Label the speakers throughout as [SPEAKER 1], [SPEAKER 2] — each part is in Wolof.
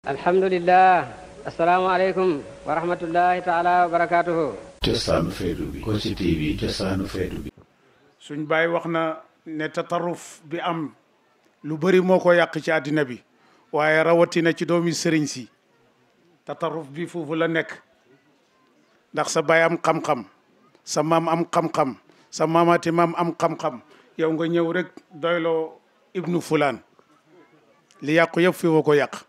[SPEAKER 1] الحمد لله السلام عليكم ورحمة الله تعالى وبركاته cosaanu Fayda bi Kossy TV cosaanu Fayda bi suñ baay wax na ne tatarruf bi am lu bëri moo ko yàq ci àddina bi waaye rawatina ci doomi sëriñ si tatarruf bi foofu la nekk ndax sa baay am xam-xam sa maam am xam-xam sa maamaati maam am xam-xam yow nga ñëw rek doyloo ibnu fulaan li yàqu yëpp fi woo ko yàq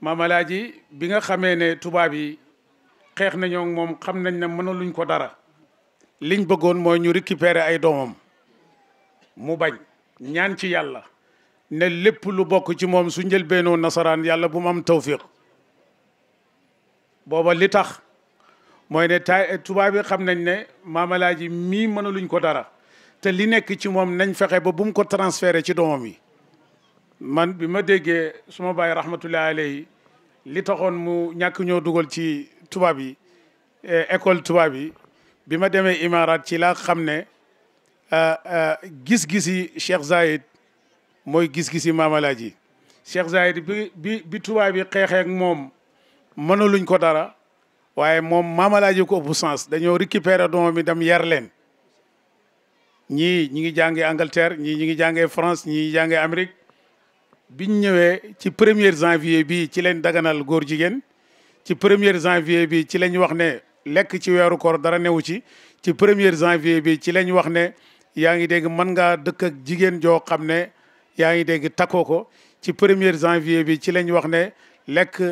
[SPEAKER 1] maam Alaaji bi nga xamee ne tubaab yi xeex nañoo moom xam nañ ne mënaluñ ko dara liñ bëggoon mooy ñu récupérer ay doomam mu bañ ñaan ci yàlla ne lépp lu bokk ci moom su njëlbeenoo nasaraan yàlla bu mam am tawfiq booba li tax mooy ne ta tubaab yi xam nañ ne maam Alaaji mii mënaluñ ko dara te li nekk ci moom nañ fexe ba bu mu ko transféré ci doomam yi man bi ma déggee suma baay bàyyi rahmatullahi li taxoon mu ñàkk ñoo dugal ci tubaab yi eh, école tubaab yi bi ma demee Imaaraat ci laa xam ne euh, euh, gis-gisi Cheikh Zayed mooy gis-gisi maamalaaji Cheikh Zayed bi bi bi tubaab yi xeexeek moom mënaluñ ko dara waaye moom maamalaaji ko ëpp sens dañoo récupérer doom mi dem yar leen ñii ñi ngi jàngee Angleterre ñii ñi ngi jàngee France ñii ñi ngi jàngee Amérique biñ ñëwee ci premier janvier bi ci lañ daganal góor jigéen ci premier janvier bi ci lañ wax ne lekk ci weeru koor dara newu ci ci premier janvier bi ci lañ wax ne yaa ngi dégg mën ngaa dëkk ak jigéen joo xam ne yaa ngi dégg takkoo ko ci premier janvier bi ci lañ wax ne lekk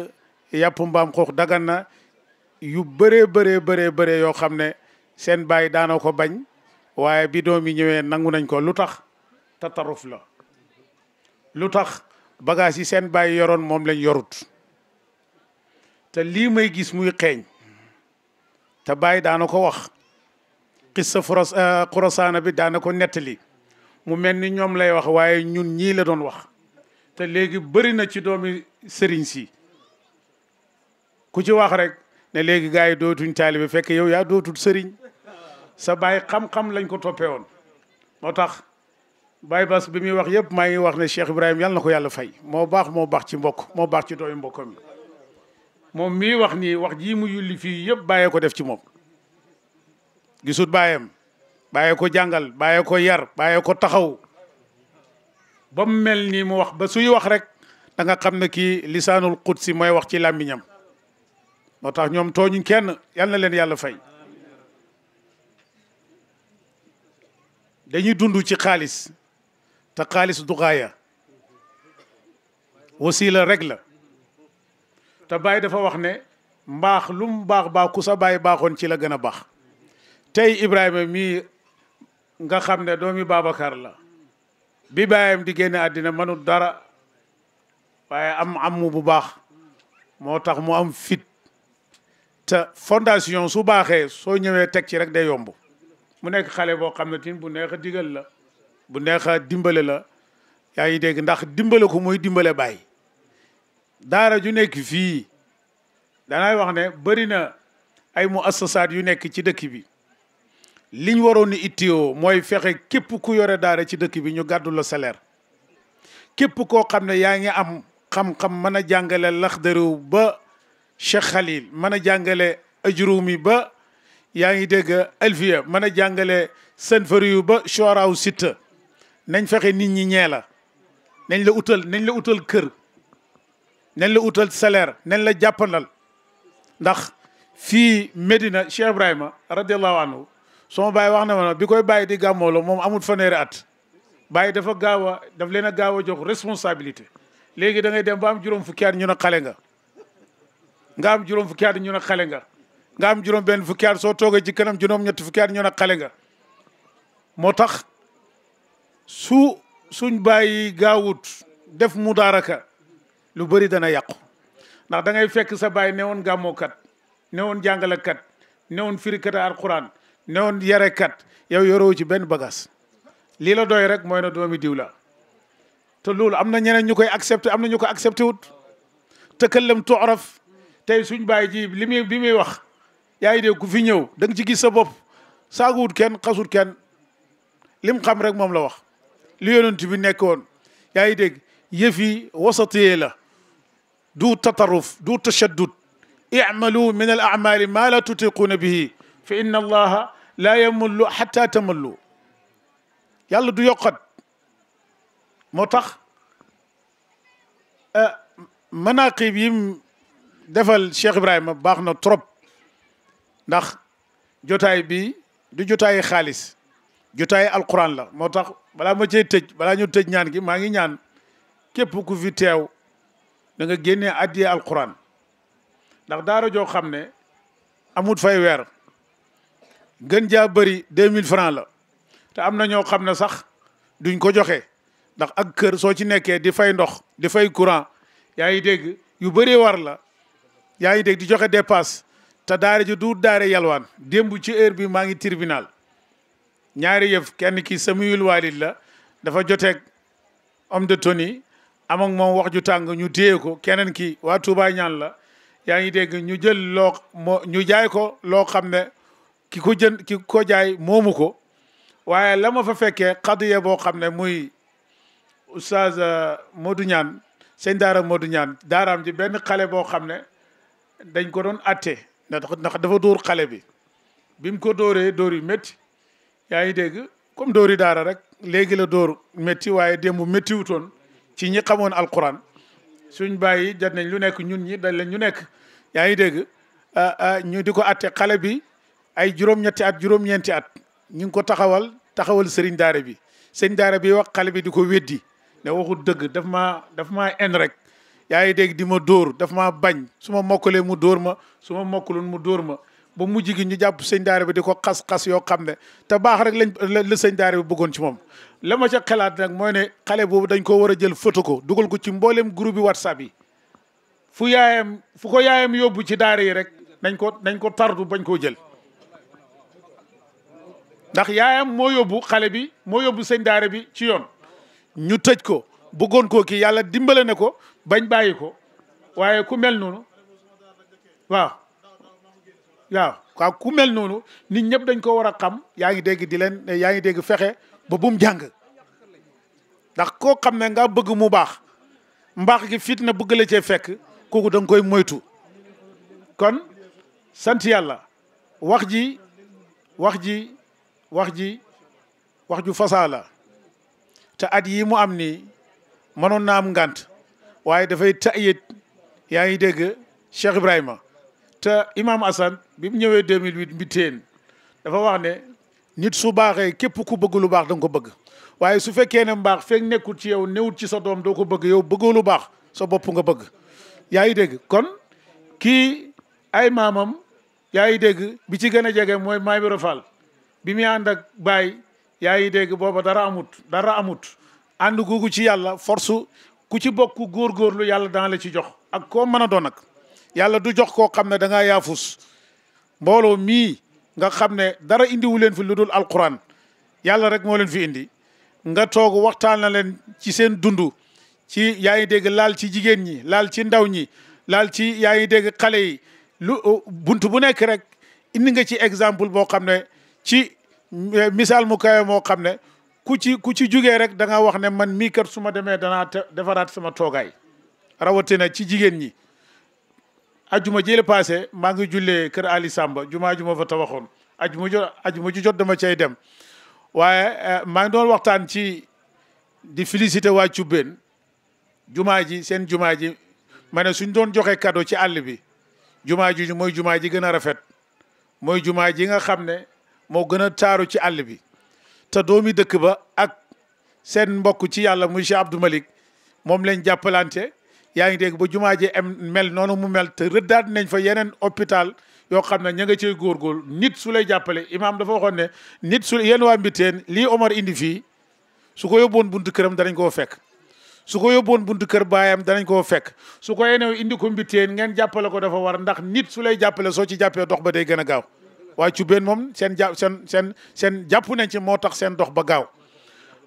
[SPEAKER 1] yàpp mbaam xuux dagan na yu bëree bëree bëree bëree yoo xam ne seen baay daana ko bañ waaye bi doom yi ñëwee nangu nañ ko lu tax tataruf la bagage yi seen bàyyi yoroon moom lañ yorut te lii may gis muy xeeñ te bàyyi daana ko wax xissa foros euh, xurasaana bi daana ko nettali mu mel ni ñoom lay wax waaye ñun ñii la doon wax te léegi bëri na ci doomi sëriñ si ku ci wax rek ne léegi gars yi dootuñ taalibe fekk yow yaa dootul sëriñ sa bàyyi xam-xam lañ ko toppee woon moo tax Baye Bass bi muy wax yëpp maa ngi wax ne Cheikh Ibrahima yàlla na ko yàlla fay moo baax moo baax ci mbokk moo baax ci doy mbokkam moom mii wax nii wax jii mu yulli fii yëpp bàyyee ko def ci moom gisut baayam bàyyee ko jàngal bàyyee ko yar bàyyee ko taxaw ba mu mel ni mu wax ba suy wax rek da nga xam ne kii lisaanul qudsi mooy wax ci làmmiñam moo tax ñoom tooñuñ kenn yal na leen yàlla fay dañuy dund ci xaalis te xaalis du gaaya wasila rek la te Baye dafa wax ne mbaax lu mu baax baax ku sa Baye baaxoon ci la gën a baax tey Ibrahima mii nga xam ne doomi Babacar la bi baayam di génne àddina mënul dara waaye am amu bu baax moo tax mu am fit te fondation su baaxee soo ñëwee teg ci rek day yomb mu nekk xale boo xam ne tin bu neex a digal la bu neexa dimbale la yaay dégg ndax dimbale ko moy dimbale bay daara ju nekk fi da nay wax ne bari na ay muassasat yu nekk ci dëkk bi liñ waroon ittiyo ittiyoo mooy fexe képp ku yore daara ci dëkk bi ñu gàddu la salaire képp koo xam ne yaa ngi am xam-xam mën a jàngale laxdariw ba Cheikh Khalil mën a jàngale ajurumi ba yaa ngi dégg alfiya mën a jàngale sanfariyu ba choraw sitta nañ fexe nit ñi ñee la nañ la outal nañ la outal kër nañ la outal salaire nañ la jàppandal ndax fi Medina Cheikh Ibrahima radiallahu anhu sama bay wax na ma bi koy bay di gamolo mom amul fanere at bay dafa gawa daf leena gawa jox responsabilité légui da ngay dem ba am juróom fukki at ñu na xale nga nga am juróom fukki at ñu na xale nga nga am juróom ben fukki at so toge ci kanam juróom ñetti fukki at ñu na xale nga motax su suñ bàyyi gaawut def mudaaraka lu bëri dana yàqu ndax da ngay fekk sa bàyyi newoon gàmmookat newoon jàngalekat newoon firikat alquran newoon kat yow yoroo ci benn bagage lii la doy rek mooy na doomi diw la te loolu am na ñeneen ñu koy accepté am na ñu ko accepté wut tëkkalem tooraf tey suñ bàyyi ji li bi muy wax yaa ngi dégg ku fi ñëw da nga ci gis sa bopp saaguwut kenn xasut kenn lim xam rek moom la wax ليونت بنكون يايدك يفي وسطي دو تطرف دو تشدد اعملوا من الاعمال ما لا تطيقون به فان الله لا يمل حتى تملوا يلا دو يقد موتاخ ا مناقب يم دفل شيخ ابراهيم باخنا تروب داخ جوتاي بي دو جوتاي خالص جوتاي القران لا موتاخ balaa ma cey tëj balaa ñu tëj ñaan gi maa ngi ñaan képp ku fi teew da nga génnee addiyee alquran ndax daara joo xam ne amut fay weer gën jaa bëri deux mille francs la te am na ñoo xam ne sax duñ ko joxe ndax ak kër soo ci nekkee di fay ndox di fay courant yaa ngi dégg yu bëree war la yaa ngi dégg di joxe dépasse te daara ji du daare yalwaan démb ci heure bi maa ngi tribunal ñaari yëf kenn ki samiyul walid la dafa joteeg om de tenue am moom wax ju tàng ñu téye ko keneen ki waa Touba ñaan la yaa ngi dégg ñu jël loo moo jaay ko loo xam ne ki ko jënd ki ko jaay moomu ko waaye la ma fa fekkee xadiya boo xam ne muy oustaz euh, Modou Ñaan sëñ daara Modou Ñaan daaraam ji benn xale boo xam ne dañ ko doon atte ndax dafa dóor xale bi bi mu ko dooree dóor yu métti yaa ngi dégg comme dóori daara rek léegi la dóor métti waaye démb méttiwutoon ci ñi xamoon alquran suñ bàyyi jot nañ lu nekk ñun ñi dañ leen ñu nekk yaa ngi dégg ah, ah, ñu di ko atte xale bi ay juróom-ñetti at juróom-ñeenti at ñu ngi ko taxawal taxawal sëriñ daara bi sëriñ daara bi wax xale bi di ko wéddi ne waxul dëgg daf maa daf maa en rek yaa ngi dégg di ma dóor daf ma bañ su ma mokkalee mu dóor ma su ma mu dóor ma ba mu gi ñu jàpp seen daara bi di ko xas kas yoo xam ne te baax rek lañ la sëñ daara bi bëggoon ci moom la ma ca xalaat nag mooy ne xale boobu dañ ko war a jël photo ko dugal ko ci mbooleem groupe bi whatsapp yi fu yaayam fu ko yaayam yóbbu ci daara yi rek nañ ko nañ ko tardu bañ koo jël ndax yaayam moo yóbbu xale bi moo yóbbu sëñ daare bi ci yoon ñu tëj ko buggoon ko ki yàlla dimbale na ko bañ bàyyi ko waaye ku mel noonu waaw waaw waaw ku mel noonu nit ñëpp dañ ko war a xam yaa ngi dégg di leen yaa ngi dégg fexe ba bum jàng ndax koo xam ne nga bëgg mu baax mbaax gi fitna na la cee fekk kooku da koy moytu kon sant yàlla wax ji wax ji wax ji wax ju fasala la te at yii mu am nii mënoon na am ngànt waaye dafay ta'yit yaa ngi dégg Cheikh Ibrahima te Imam Assane bi mu ñëwee 2008 mbitéen dafa wax ne nit su baaxee képp ku bëgg lu baax danga ko bëgg waaye su fekkee ne mbaax fekk nekkul ci yow newut ci sa doom doo ko bëgg yow bëggoo lu baax sa bopp nga bëgg yaa ngi dégg kon kii ay maamam yaa ngi dégg bi ci gën a jege mooy Maam Ibra Fall bi muy ànd ak baay yaa ngi dégg booba dara amut dara amut ànd googu ci yàlla force ku ci bokk góorgóorlu yàlla dana la ci jox ak koo mën a doon nag yàlla du jox koo xam ne da ngaa yaafus mbooloo mii nga xam ne dara indiwu leen fi lu dul alquran yàlla rek moo leen fi indi nga toog waxtaan na leen ci seen dund ci yaa ngi dégg laal ci jigéen ñi laal ci ndaw ñi laal ci yaa ngi dégg xale yi lu uh, bunt bu nekk rek indi nga ci exemple boo xam ne ci eh, misaal mu kawe moo xam ne ku ci ku ci jugee rek da nga wax ne man mii kat su ma demee danaa defaraat sama toogaay rawatina ci jigéen ñi ajuma jële passé maa ngi jullee kër Ali Samba jumaa ju ma fa tabaxoon ajuma jot ajuma ju jot dama cay dem waaye eh, maa ngi doon waxtaan ci di félicité waa Cubbeen jumaa ji seen jumaa ji ma suñ doon joxe cadeau ci àll bi jumaa ji mooy jumaa ji gën a rafet mooy jumaa ji nga xam ne moo gën a taaru ci àll bi te doomi dëkk ba ak seen mbokk ci yàlla muy Cheikh Abdou Malick moom lañ jàppalante yaa ngi dégg ba jumaa ji am mel noonu mu mel te rëddaat nañ fa yeneen hôpital yoo xam ne ña nga cey góorgóorlu nit su lay jàppale imaam dafa waxoon ne nit su yéen waa Mbitteen lii Omar indi fii su ko yóbboon buntu këram danañ koo fekk su ko yóbboon buntu kër baayam danañ koo fekk su ko yenew indi ko ngeen jàppale ko dafa war ndax nit su lay jàppale soo ci jàppee dox ba day gën a gaaw waa ci benn moom seen ja seen seen seen jàpp nañ ci moo tax seen dox ba gaaw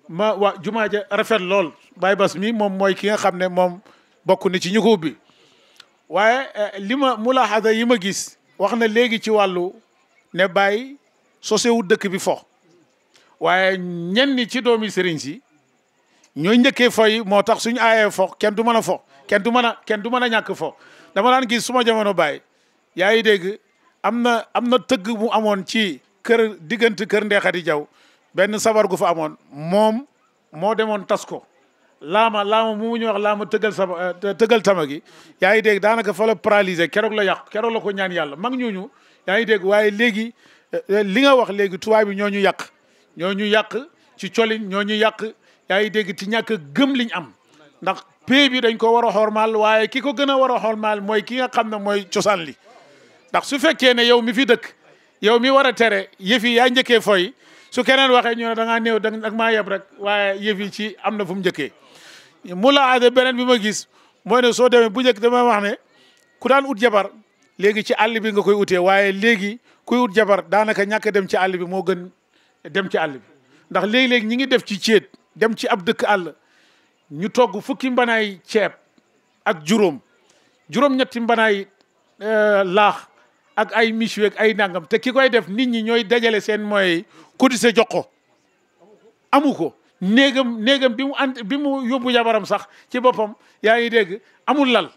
[SPEAKER 1] ma waa jumaa ja rafet lool Baye Bass mi moom mooy ki nga xam ne moom bokk na ci ñu ko ubbi waaye eh, li ma mulaaxada yi ma gis wax na léegi ci wàllu ne bàyyi sosewu dëkk bi fo waaye ñenn ci doomi sëriñ si ñooy njëkkee foy moo tax suñu aayee fo kenn du mën a fo kenn du mën a kenn du mën a ñàkk fo dama daan gis suma jamono bàyyi yaa ngi dégg am na am na tëgg mu amoon ci kër diggante kër ndeexati jaw benn sabar gu fa amoon moom moo demoon tas ko laama laama mu ñu wax laama tëggal sama eh, tëggal tama gi yaa ngi dégg daanaka fa la keroog la yàq keroog la ko ñaan yàlla mag ñooñu yaa ngi dégg waaye léegi eh, eh, li nga wax léegi tubaab bi ñoo ñu yàq ñoo ñu yàq ci colin ñoo ñu yàq yaa ngi dégg ci ñàkk gëm liñ am ndax pays bi dañ ko war a xormaal waaye ki ko gën a war a xormaal mooy ki nga xam ne mooy cosaan li ndax su fekkee ne yow mi fi dëkk yow mi war a tere yëf yi yaa njëkkee fooy su keneen waxee ñu ne da ngaa néew da maa yeb rek waaye yëf yi ci am na fu mu njëkkee mu laa aade beneen bi ma gis mooy ne soo demee bu njëkk damay wax ne ku daan ut jabar léegi ci àll bi nga koy utee waaye léegi kuy ut jabar daanaka ñàkk dem ci àll bi moo gën dem ci àll bi ndax léegi-léegi ñi ngi def ci ceet dem ci ab dëkk àll ñu togg fukki mbanaay ceeb ak juróom juróom-ñetti mbanaay euh, laax ak ay michu ak ay nangam te ki koy def nit ñi ñooy dajale seen mooy cotiser jox ko amu ko néegam néegam bi mu ant bi mu yóbbu jabaram sax ci boppam yaa ngi dégg amul lal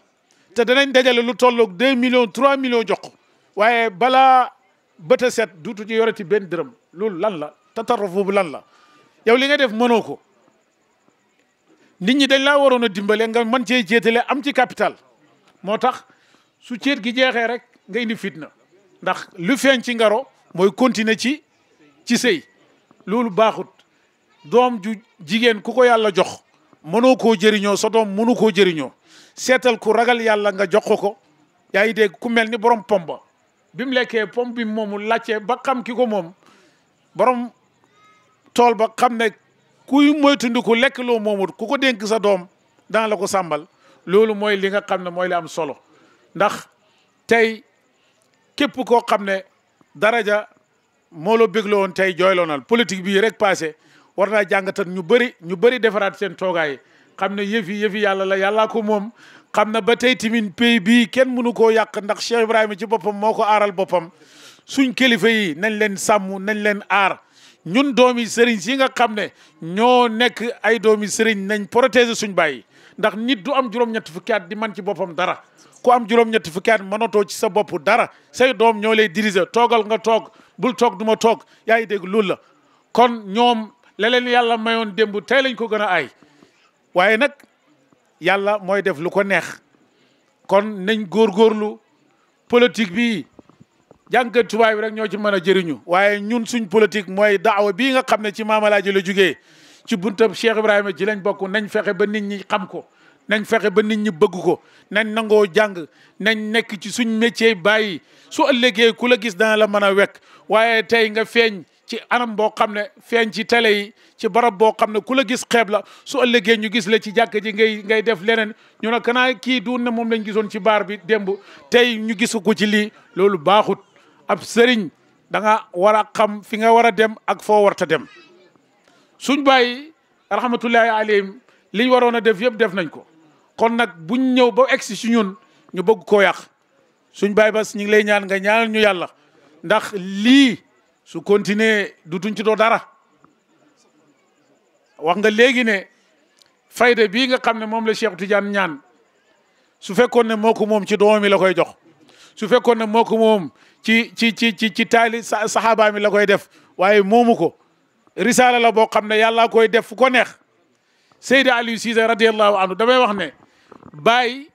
[SPEAKER 1] te danañ dajale lu tolloog deux millions trois millions jox ko waaye balaa bët a set duutu ci yoreti benn dërëm loolu lan la tatarruf boobu lan la yow li nga def mënoo ko nit ñi dañ la waroon a dimbale nga mën cee jéetale am ci capital moo tax su ceet gi jeexee rek nga indi fitna ndax lu feeñ ci ngaro mooy continuer ci ci sëy loolu baaxut doom ju jigéen ku ko yàlla jox mënoo koo jëriñoo sa doom mënu koo jëriñoo seetal ku ragal yàlla nga jox ko ko yaa ngi dégg ku mel ni borom pomba bi mu lekkee pom bi moomu laajte ba xam ki ko moom borom tool ba xam ne kuy moytundiku lekk loo moomut ku ko dénk sa doom dana la ko sàmbal loolu mooy li nga xam ne mooy li am solo ndax tey képp koo xam ne daraja moo la bégloo woon tey jooyloonal politique bi rek passé war naa jàngatan ñu bëri ñu bëri defaraat seen toogaay xam ne yëfi yëfi yàlla la yàllaa ko moom xam na ba tey tamit pays bii kenn mënu koo yàq ndax Cheikh Ibrahima ci boppam moo ko aaral boppam suñ kilifa yi nañ leen sàmm nañ leen aar ñun doomi sëriñ si nga xam ne ñoo nekk ay doomi sëriñ nañ protéger suñ bàyyi ndax nit du am juróom-ñetti fukki at di man ci boppam dara ku am juróom-ñetti fukki at mënatoo ci sa bopp dara sey doom ñoo lay diriger toogal nga toog bul toog du toog yaa ngi dégg loolu la la leen yàlla mayoon démb tey lañ ko gën a aay waaye nag yàlla mooy def lu ko neex kon nañ góorgóorlu politique bi jàngat tubaab bi rek ñoo ci mën a jëriñu waaye ñun suñ politique mooy daawa bii nga xam ne ci maamalaaji la jógee ci buntab Cheikh Ibrahima ji lañ bokk nañ fexe ba nit ñi xam ko nañ fexe ba nit ñi bëgg ko nañ nangoo jàng nañ nekk ci suñ métier bàyyi su ëllëgee ku la gis dana la mën a wekk waaye tey nga feeñ ci anam boo xam ne feeñ ci télé yi ci barab boo xam ne ku la gis xeeb la su ëllëgee ñu gis la ci jàkk ji ngay ngay def leneen ñu ne kanaa kii duun ne moom lañ gisoon ci baar bi démb tey ñu gisu ko ci lii loolu baaxut ab sëriñ danga nga war a xam fi nga war a dem ak foo warta dem suñ bàyyi rahmatullahi alayhim liñ waroon a def yëpp def nañ ko kon nag buñ ñëw ba egsi si ñun ñu bëgg koo yàq suñ bàyyi bas ñu ngi lay ñaan nga ñaanal ñu yàlla ndax lii su continuer dutuñ ci doo dara wax nga léegi ne fayda bii nga xam ne moom la Cheikh Tidiane ñaan su fekkoon ne mook moom ci doom mi la koy jox su fekkoon ne moo ko moom ci ci ci ci ci taali saxaabaa mi la koy def waaye moomu ko risaala la boo xam ne yàlla koy def fu ko neex Seydi Aliou Cissé radiyallahu anhu damay wax ne baay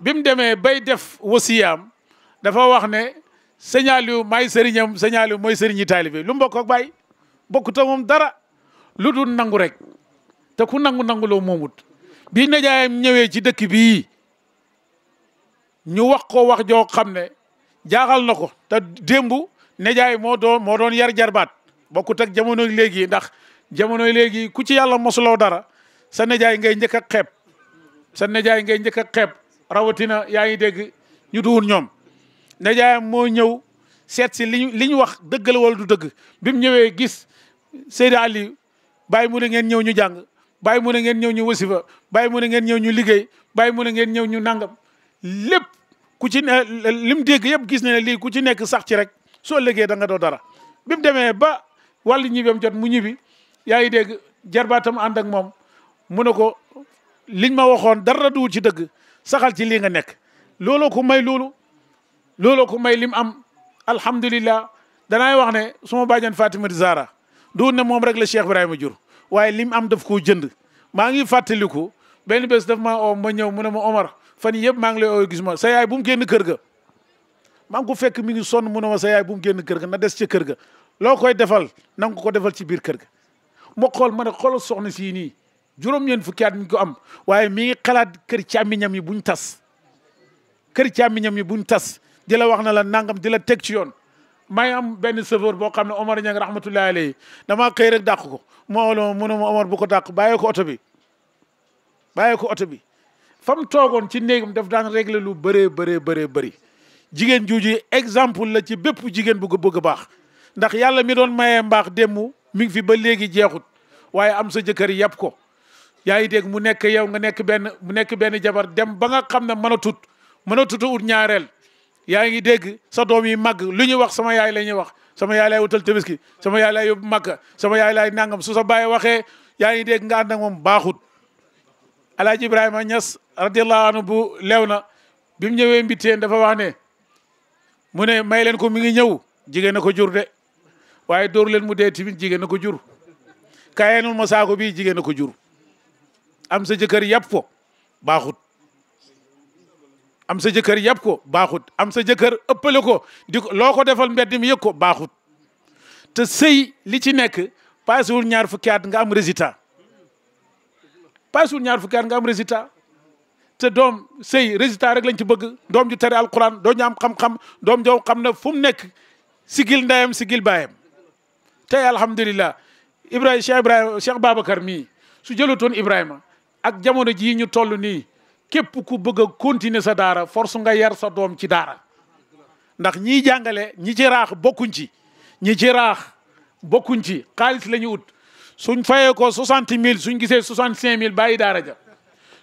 [SPEAKER 1] bi mu demee bay def wasiyam dafa wax ne sëñ Aliou maay sëriñam mooy sëriñi taalibe lu mu bokk ak Baye moom dara lu dul nangu rek te ku nangu nangu loo moomut bi nijaayam ñëwee ci dëkk bii ñu wax ko wax joo xam ne jaaxal na ko te démb nijaay moo doon moo doon yar jarbaat bokkut ak jamono léegi ndax jamono léegi ku ci yàlla mosuloo dara sa nijaay ngay njëkk a xeeb sa nijaay ngay njëkk a xeeb rawatina yaa ngi dégg ñu duwun ñoom najaayam moo ñëw seet si liñ li ñu wax dëgg la wala du dëgg bi mu ñëwee gis Seydi Ali bàyyi mu ne ngeen ñëw ñu jàng bàyyi mu ne ngeen ñëw ñu wasifa bàyyi mu ne ngeen ñëw ñu liggéey bàyyi mu ne ngeen ñëw ñu nangam lépp ku ci ne lim dégg yëpp gis na lii ku ci nekk sax ci rek soo liggéey danga nga doo dara bi mu demee ba wallu ñibam jot mu ñibi yaa ngi dégg jarbaatam ànd ak moom mu ne ko liñ ma waxoon dara duwul ci dëgg saxal ci lii nga nekk looloo ko may loolu looloo ko may lim am alhamdulillah danaay wax ne suma bàjjan Fatima di Zara du ne moom rek la Cheikh Ibrahima jur waaye lim am daf koo jënd maa ngi fàttaliku benn bés daf maa ma ñëw mu ne Omar fan yëpp maa ngi lay oo gis ma sa yaay bu mu génn kër ga maa ngi ko fekk mi ngi sonn mu ne ma sa yaay bu mu génn kër ga na des ca kër ga loo koy defal na nga ko defal ci biir kër ga ma xool ma ne xoolal soxna sii nii juróom-ñeent fukki at ko am waaye mi ngi xalaat kër càmmiñam yi buñ tas kër yi buñ tas di wax na la nangam di la teg ci yoon maa am benn chauffeur boo xam ne Omar Niang rahmatullahi alayhi damaa xëy rek dàq ko ma wala mu ne ma Omar bu ko dàq bàyyi ko bi bàyyi ko oto bi fa mu toogoon ci néegam daf daan régler lu bëree bëree bëree bëri jigéen jooju exemple la ci bépp jigéen bu ko bëgg a baax ndax yàlla mi doon mayee mbaax démmu mi ngi fi ba léegi jeexut waaye am sa jëkkër yàpp ko yaa ngi dégg mu nekk yow nga nekk benn mu nekk benn jabar dem banga nga xam ne mën a tut ut ñaareel yaa ngi dégg sa doom yi màgg lu ñuy wax sama yaay la ñuy wax sama yaay lay wutal tabaski sama yaay lay yóbbu màkka sama yaay lay nangam su sa baaye waxee yaa ngi dégg nga ànd ak moom baaxut alaaji ibrahima ñas radiallahu anhu bu lew na bi mu ñëwee mbiteen dafa waane mu ne may leen ko mi ngi ñëw jigéen na ko jur de waaye dóor leen mu dee tamit jigéen na ko jur kayenul ma saako bii jigéen na ko jur am sa jëkkër yàpp ko baaxut am sa jëkkër yab ko baaxut am sa jëkkër ëppale ko di ko loo ko defal mbedd mi yëg ko baaxut te sëy li ci nekk paasewul ñaar fukki at nga am résultat paasewul ñaar fukki nga am résultat te doom sëy résultat rek lañ ci bëgg doom ju tere alquran doom ñu am xam doom joo xam ne fu mu nekk sigil ndeyam sigil baayam tey alhamdulilah Ibrahima Cheikh Ibrahima Cheikh Babacar mii su jëlatoon Ibrahima ak jamono jii ñu toll nii képp ku bëgg a sa daara force nga yar sa doom ci daara ndax ñiy jàngale ñi ci raax bokkuñ ci ñi ci raax bokkuñ ci xaalis la ñu ut suñ fayee ko soixante mille suñ gisee soixante cinq mille bàyyi daara ja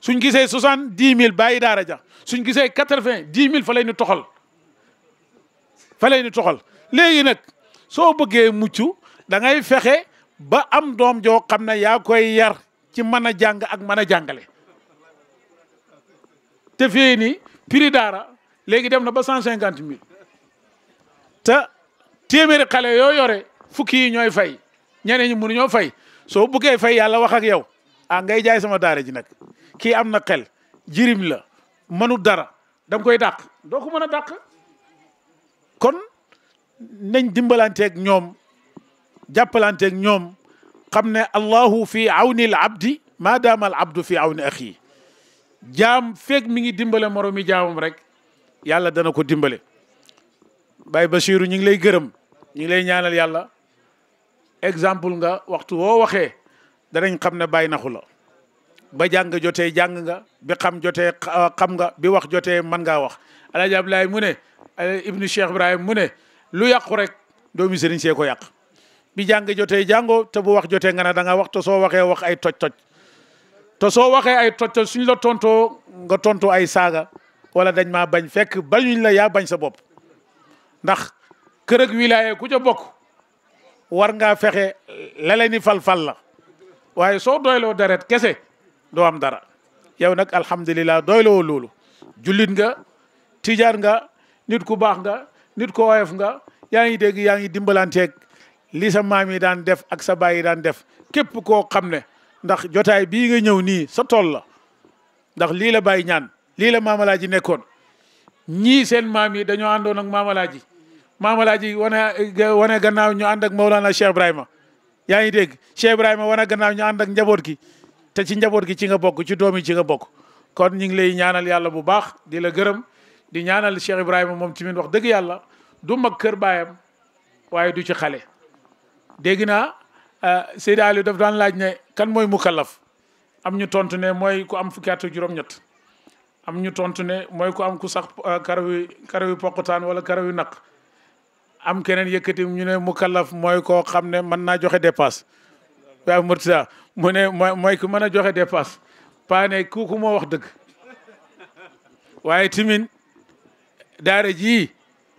[SPEAKER 1] suñ gisee soixante dix mille bàyyi daara ja suñ gisee quatre vingt dix mille fa lay ñu toxal fa lay ñu toxal léegi nag soo bëggee mucc da ngay fexe ba am doom joo xam ne yaa koy yar ci mën a jàng ak mën a jàngale te fee nii prix daara léegi dem na ba cent cinquante mille te téeméeri xale yoo yore fukki yi ñooy fay ñeneen ñi mënuñoo fay soo buggee fay yàlla wax ak yow ah ngay jaay sama daara ji nag kii am na xel jirim la mënu dara da koy dàq doo ko mën a dàq kon nañ dimbalanteeg ñoom jàppalanteeg ñoom xam ne allahu fi awni al abdi ma daama al abdu fi awni axi jaam feeg mi ngi dimbale moromi jaamam rek yàlla dana ko dimbale Baye Bachirou ñu ngi lay gërëm ñu ngi lay ñaanal yàlla exemple nga waxtu woo waxee danañ xam ne bàyyi naxu la ba jàng jotee jàng nga bi xam jotee euh, xam nga bi wax jotee man ngaa wax alaaji Abdoulaye mu ne ibnu Cheikh Ibrahim mu ne lu yàqu rek doomi sëriñ see ko yàq bi jàng jotee jàngoo te bu wax jotee nga ne da nga wax te soo waxee wax ay toj-toj te soo waxee ay toj suñ la tontoo nga tontoo ay saaga wala dañ maa bañ fekk bañuñ la yaa bañ sa bopp ndax kër ak ku ca bokk war ngaa fexe la leen ni fal-fal la waaye soo doyloo deret kese doo am dara yow nag alhamdulilah doyloo loolu jullit nga tijaan nga nit ku baax nga nit ku woyof nga yaa ngi dégg yaa ngi dimbalanteeg li sa maam yi daan def ak sa baay yi daan def képp koo xam ne ndax jotaay bii nga ñëw nii sa tool la ndax lii la bàyyi ñaan lii la maamalaaji nekkoon ñii seen maam yi dañoo àndoon ak maamalaaji maamalaaji wane wane gannaaw ñu ànd ak Mawlana Cheikh Ibrahima yaa ngi dégg Cheikh Ibrahima wane gannaaw ñu ànd njaboot gi te ci njaboot gi ci nga bokk ci doom yi ci nga bokk kon ñu ngi lay ñaanal yàlla bu baax di la gërëm di ñaanal Cheikh Ibrahima moom tamit wax dëgg yàlla du mag kër baayam waaye du ci xale dégg Euh, Seydi Aliou daf daan laaj ne kan mooy mukallaf am ñu tontu mooy ku am fukki at am ñu tontu ne mooy ku am ku sax euh, karawi karawi poqutaan wala karawi naq am keneen yëkkati ñu ne mukallaf mooy koo xam ne mën naa joxe dépasse waaw Murtada mu ne mooy ku mën a joxe dépasse paa ne kooku moo wax dëgg waaye timin daara jii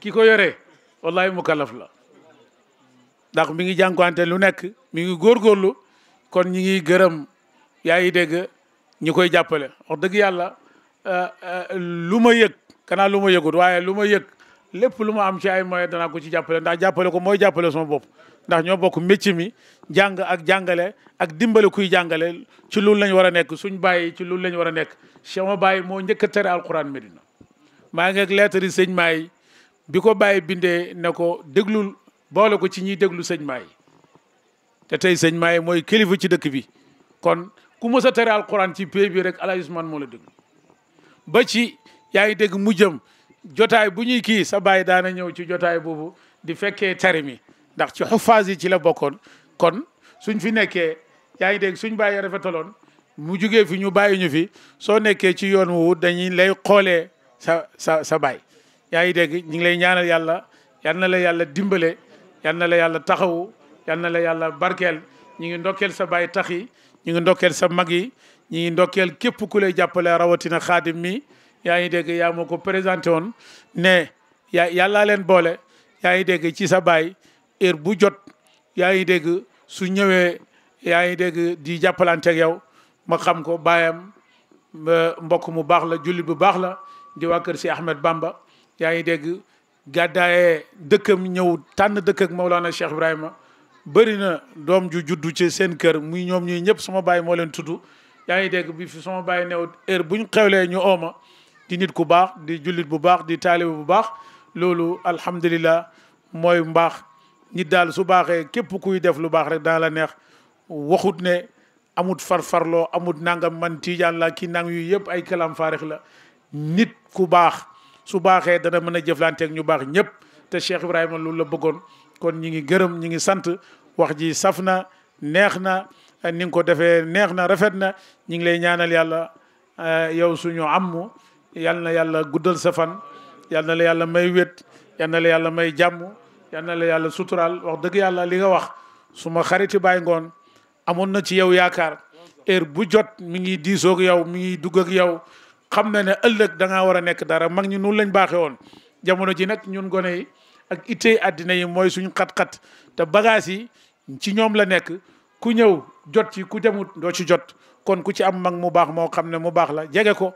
[SPEAKER 1] ki ko yore wallahi mukallaf la ndax mi ngi ante lu nekk mi ngi góorgóorlu kon ñi ngi gërëm yaa ngi dégg ñi koy jàppale wax dëgg yàlla euh, euh, lu ma yëg kanaa lu ma yëgut waaye lu ma yëg lépp lu ma am ci ay moyens danaa ko ci jàppale ndax jàppale ko mooy jàppale sama bopp ndax ñoo bokk métier mi jàng ak jàngale ak dimbale kuy jàngale ci loolu lañ war a nekk suñ bàyyi ci loolu lañ war a nekk sama bàyyi moo njëkka a tere alquran Medina maa ngi ak lettre yi sëñ maay bi ko bàyyi bindee ne ko déglul boole ko ci ñiy déglu sëñ maay te tey sëñ Maye mooy kilifa ci dëkk bi kon ku mës a tere alquran ci pays bi rek Alaaji Usmaan moo la dégg ba ci yaa ngi dégg mujjam jotaay bu ñuy kii sa baay daana ñëw ci jotaay boobu di fekkee tari mi ndax ci xufaas yi ci la bokkoon kon suñ fi nekkee yaa ngi dégg suñ bàyyi rafetaloon mu jugee fi ñu bàyyi ñu fi soo nekkee ci yoon wu dañuy lay xoolee sa sa sa baay yaa ngi dégg ñu ngi lay ñaanal yàlla yal na la yàlla dimbale yal na la yàlla taxawu yal na la yàlla barkeel ñu ngi ndokkeel sa baay tax yi ñu ngi ndokkeel sa mag yi ñu ngi képp ku lay jàppale rawatina xaadim mi yaa ngi dégg yaa moo ko présenté woon ne yaa yàllaa leen boole yaa ngi dégg ci sa baay heure bu jot yaa ngi dégg su ñëwee yaa ngi dégg di jàppalanteeg yow ma xam ko baayam mbokk mu baax la jullit bu baax la di waa kër si Ahmed Bamba yaa ngi dégg gàddaayee dëkkam ñëw tànn dëkk ak Maulana Cheikh Ibrahima bëri na doom ju juddu ci seen kër muy ñoom ñuy ñëpp sama baay moo leen tudd yaa ngi dégg bi fi sama baay new heure bu ñu xewlee ñu ooma di nit ku baax di jullit bu baax di taalibe bu baax loolu alhamdulillah mooy mbaax nit daal su baaxee képp kuy def lu baax rek dana la neex waxut ne amut farfarloo amut nangam man tiijaan la ki nang yu yëpp ay kalam faarix la nit ku baax su baaxee dana mën a jëflanteeg ñu baax ñëpp te Cheikh Ibrahima loolu la bëggoon kon ñi ngi wax ji saf na neex na ni nga ko defee neex na rafet na ñu ngi lay ñaanal yàlla eh, yow suñu amu yal na yàlla guddal sa fan yal na la yàlla may wet yal yàlla may jàmm yal la yàlla sutural wax dëgg yàlla li nga wax su ma xariti bàyyi ngoon amoon na ci yow yaakaar heure bu jot mi ngi diisoog yow mi ngi dugg ak yow xam na ne ëllëg da ngaa war a nekk dara mag ñi noonu lañ baaxe woon jamono ji nag ñun gone yi ak ittey àddina yi mooy suñu xat-xat te bagages yi ci ñoom la nekk ku ñëw jot ci ku demut doo ci jot kon ku ci am mag mu baax moo xam ne mu baax la jege ko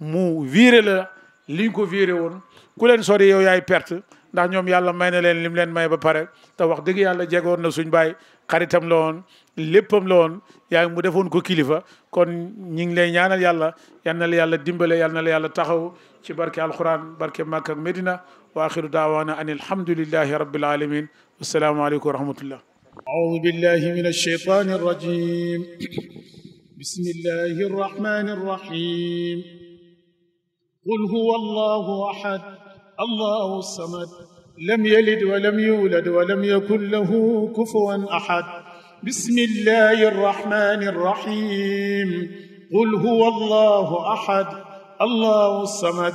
[SPEAKER 1] mu viré la liñ ko viré woon ku leen sori yow yaay perte ndax ñoom yàlla may na leen lim leen may ba pare te wax dëgg yàlla jegoon na suñ baay xaritam la woon léppam la woon yaay mu defoon ko kilifa kon ñi ngi lay ñaanal yàlla yal na la yàlla dimbale yal na la yàlla taxaw ci barke alquran barke makk ak Medina wa akhiru daawaana an alhamdulillahi rabbil alamin wassalaamu aleykum wa rahmatullah أعوذ بالله من الشيطان الرجيم بسم الله الرحمن الرحيم قل هو الله أحد الله الصمد لم يلد ولم يولد ولم يكن له كفوا أحد بسم الله الرحمن الرحيم قل هو الله أحد الله الصمد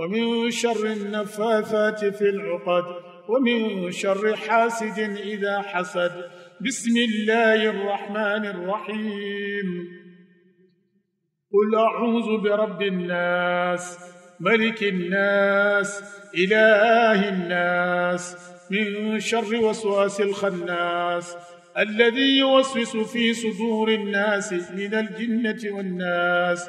[SPEAKER 1] ومن شر النفاثات في العقد ومن شر حاسد إذا حسد بسم الله الرحمن الرحيم قل أعوذ برب الناس ملك الناس إله الناس من شر وسواس الخناس الذي يوسوس في صدور الناس من الجنة والناس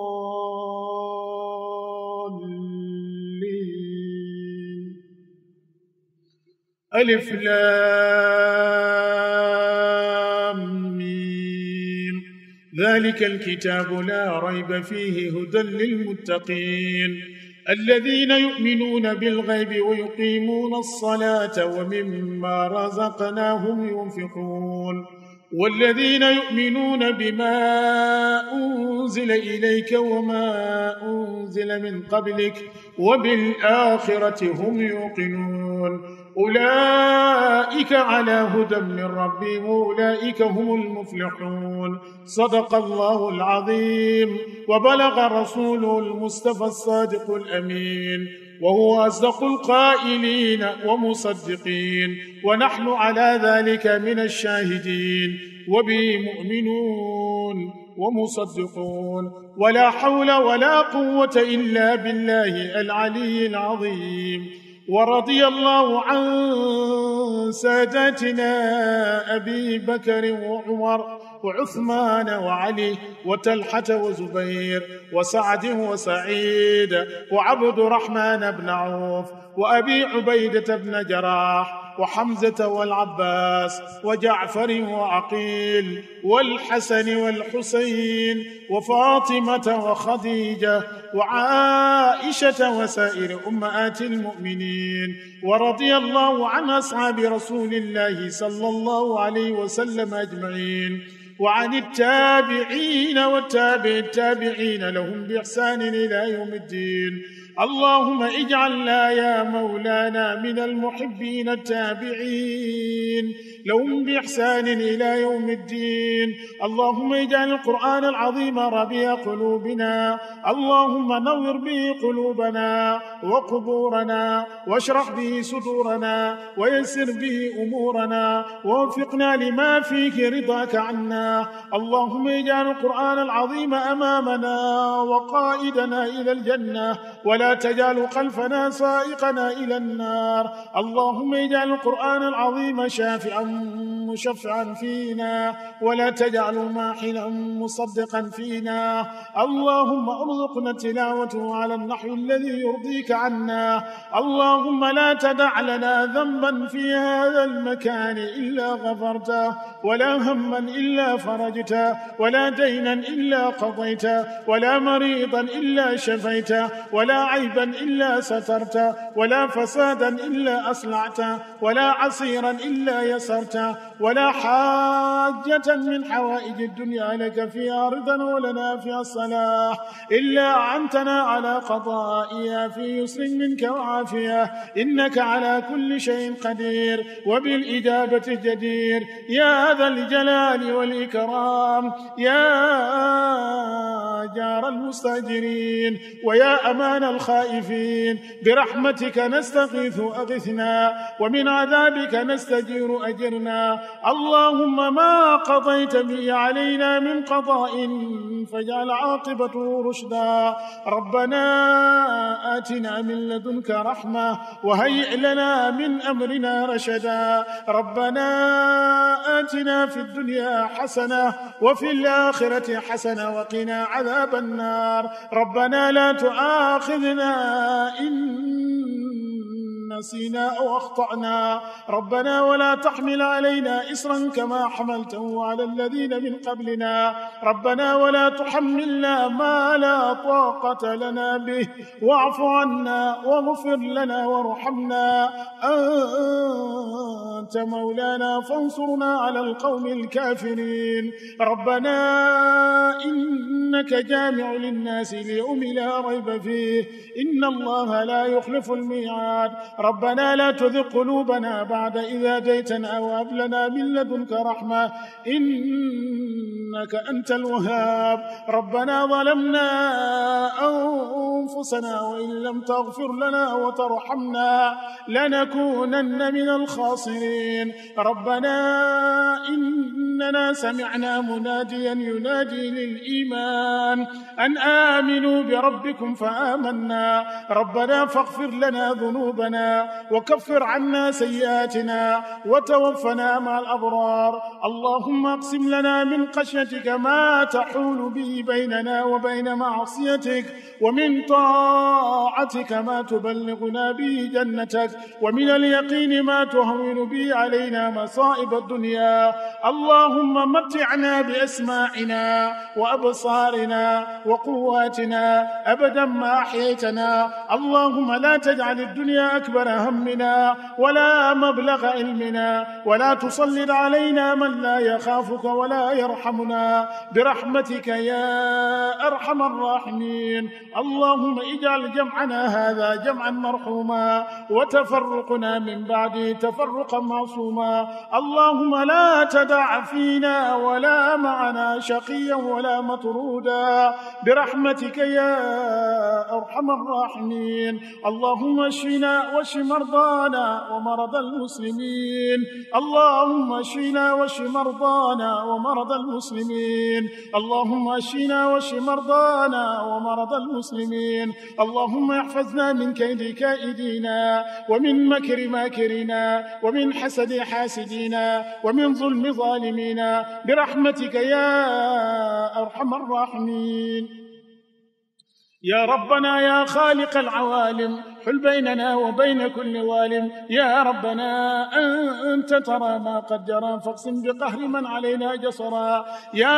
[SPEAKER 1] ألف لام ميم ذلك الكتاب لا ريب فيه هدى للمتقين الذين يؤمنون بالغيب ويقيمون الصلاة ومما رزقناهم ينفقون والذين يؤمنون بما أنزل إليك وما أنزل من قبلك وبالآخرة هم يوقنون أولئك على هدى من ربهم أولئك هم المفلحون صدق الله العظيم وبلغ رسوله المصطفى الصادق الأمين وهو أصدق القائلين ومصدقين ونحن على ذلك من الشاهدين وبه مؤمنون ومصدقون ولا حول ولا قوة إلا بالله العلي العظيم ورضي الله عن سادتنا أبي بكر وعمر وعثمان وعلي وتلحة وزبير وسعد وسعيد وعبد الرحمن بن عوف وأبي عبيدة بن جراح وحمزة والعباس وجعفر وعقيل والحسن والحسين وفاطمة وخديجة وعائشة وسائر أمهات المؤمنين ورضي الله عن أصحاب رسول الله صلى الله عليه وسلم أجمعين وعن التابعين والتابع التابعين لهم بإحسان إلى يوم الدين اللهم اجعلنا يا مولانا من المحبين التابعين لهم بإحسان إلى يوم الدين اللهم اجعل القرآن العظيم ربيع قلوبنا اللهم نور به قلوبنا وقبورنا واشرح به صدورنا ويسر به أمورنا ووفقنا لما فيه رضاك عنا اللهم اجعل القرآن العظيم أمامنا وقائدنا إلى الجنة ولا تجعل خلفنا سائقنا إلى النار اللهم اجعل القرآن العظيم شافعا مشفعا فينا ولا تجعل ماحلا مصدقا فينا اللهم ارزقنا تلاوته على النحو الذي يرضيك عنا اللهم لا تدع لنا ذنبا في هذا المكان إلا غفرته ولا هما إلا فرجته ولا دينا إلا قضيته ولا مريضا إلا شفيته ولا عيبا إلا سترت ولا فسادا إلا أصلعت ولا عصيرا إلا يسرت ولا حاجة من حوائج الدنيا لك فيها رضا ولنا فيها الصلاح إلا أعنتنا على قضائها في يسر منك وعافية إنك على كل شيء قدير وبالإجابة جدير يا ذا الجلال والإكرام يا جار المستأجرين ويا أمان الخير الخائفين برحمتك نستغيث أغثنا ومن عذابك نستجير أجرنا اللهم ما قضيت به علينا من قضاء فاجعل عاقبته رشدا ربنا آتنا من لدنك رحمة وهيئ لنا من أمرنا رشدا ربنا آتنا في الدنيا حسنة وفي الآخرة حسنة وقنا عذاب النار ربنا لا تؤاخذنا أخرجنا إن نسينا أو أخطأنا ربنا ولا تحمل علينا إسرا كما حملته على الذين من قبلنا ربنا ولا تحملنا ما لا طاقة لنا به واعف عنا واغفر لنا وارحمنا أنت مولانا فانصرنا على القوم الكافرين ربنا إنك جامع للناس ليوم لا ريب فيه إن الله لا يخلف الميعاد ربنا لا تذق قلوبنا بعد إذا جيتنا وهب لنا من لدنك رحمة إنك أنت الوهاب ربنا ظلمنا أنفسنا وإن لم تغفر لنا وترحمنا لنكونن من الخاسرين ربنا إننا سمعنا مناديا ينادي للإيمان أن آمنوا بربكم فآمنا ربنا فاغفر لنا ذنوبنا وكفر عنا سيئاتنا وتوفنا مع الأبرار اللهم اقسم لنا من خشيتك ما تحول به بيننا وبين معصيتك ومن طاعتك ما تبلغنا به جنتك ومن اليقين ما تهون به علينا مصائب الدنيا اللهم متعنا بأسماعنا وأبصارنا وقواتنا أبدا ما أحييتنا اللهم لا تجعل الدنيا أكبر أكبر همنا ولا مبلغ علمنا ولا تسلط علينا من لا يخافك ولا يرحمنا برحمتك يا أرحم الراحمين اللهم اجعل جمعنا هذا جمعا مرحوما وتفرقنا من بعده تفرقا معصوما اللهم لا تدع فينا ولا معنا شقيا ولا مطرودا برحمتك يا أرحم الراحمين اللهم اشفنا واشف واشف مرضانا ومرضى المسلمين اللهم اشفنا واشف مرضانا ومرضى المسلمين اللهم اشفنا واشف مرضانا ومرضى المسلمين اللهم احفظنا من كيد كائدينا ومن مكر ماكرنا ومن حسد حاسدينا ومن ظلم ظالمينا برحمتك يا أرحم الراحمين يا ربنا يا خالق العوالم حل بيننا وبين كل والم يا ربنا أنت ترى ما قد جرى فاقسم بقهر من علينا جسرا يا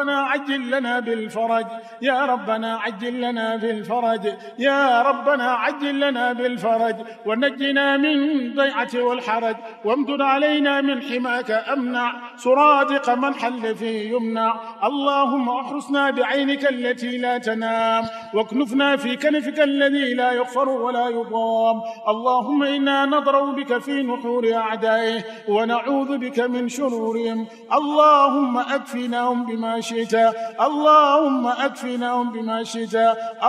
[SPEAKER 1] ربنا عجل لنا بالفرج يا ربنا عجل لنا بالفرج يا ربنا عجل لنا بالفرج ونجنا من ضيعة والحرج وامدد علينا من حماك أمنع سرادق من حل فيه يمنع اللهم احرسنا بعينك التي لا تنام واكنفنا في كنفك الذي لا يغفر ولا يضام اللهم إنا نضرب بك في نحور أعدائه ونعوذ بك من شرورهم اللهم أكفناهم بما شاء شئت اللهم أكفناهم بما شئت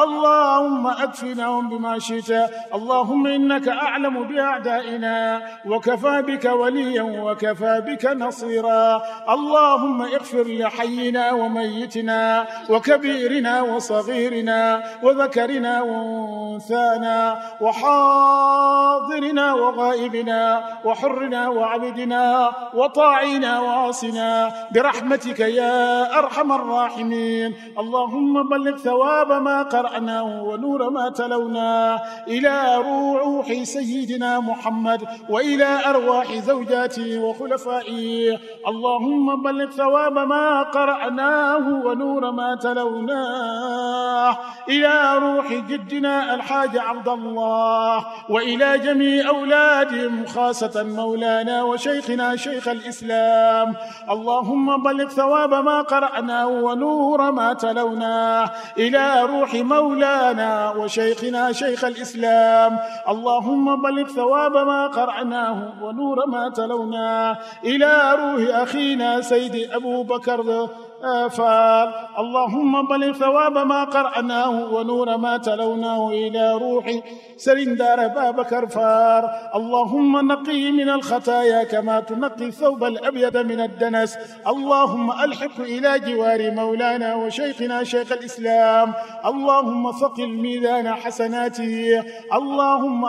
[SPEAKER 1] اللهم أكفناهم بما شئت اللهم إنك أعلم بأعدائنا وكفى بك وليا وكفى بك نصيرا اللهم اغفر لحينا وميتنا وكبيرنا وصغيرنا وذكرنا وانثانا وحاضرنا وغائبنا وحرنا وعبدنا وطاعنا وعاصنا برحمتك يا أرحم أرحم الراحمين اللهم بلغ ثواب ما قرأناه ونور ما تلوناه إلى روح سيدنا محمد وإلى أرواح زوجاته وخلفائه اللهم بلغ ثواب ما قرأناه ونور ما تلوناه إلى روح جدنا الحاج عبد الله وإلى جميع أولادهم خاصة مولانا وشيخنا شيخ الإسلام اللهم بلغ ثواب ما قرأناه اتبعنا ونور ما تلونا إلى روح مولانا وشيخنا شيخ الإسلام اللهم بلغ ثواب ما قرعناه ونور ما تلونا إلى روح أخينا سيد أبو بكر آفات اللهم بلغ ثواب ما قرأناه ونور ما تلوناه إلى روحي سرندار باب كرفار اللهم نقي من الخطايا كما تنقي الثوب الأبيض من الدنس اللهم ألحق إلى جوار مولانا وشيخنا شيخ الإسلام اللهم ثقل ميزان حسناته اللهم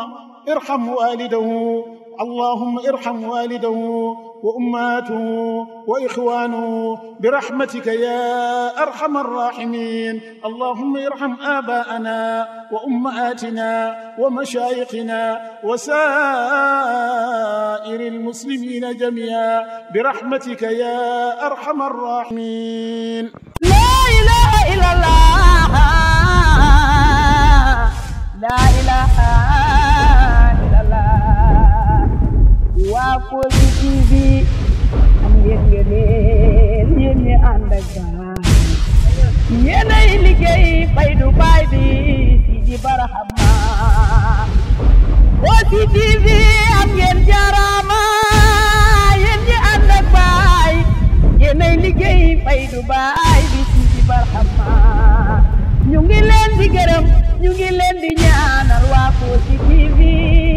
[SPEAKER 1] ارحم والده اللهم ارحم والده وأمهاته وإخوانه برحمتك يا أرحم الراحمين اللهم ارحم آباءنا وأمهاتنا ومشايخنا وسائر المسلمين جميعا برحمتك يا أرحم الراحمين لا إله إلا الله لا إله Aku bi am ngeen ngeen yéen ñi ànd ak ini yéenay liggéey du si di barahama politique bi am jarama yéen anda ànd ak baay yéenay liggéey du di barahama ñu lendi leen di gërëm ñu ngi di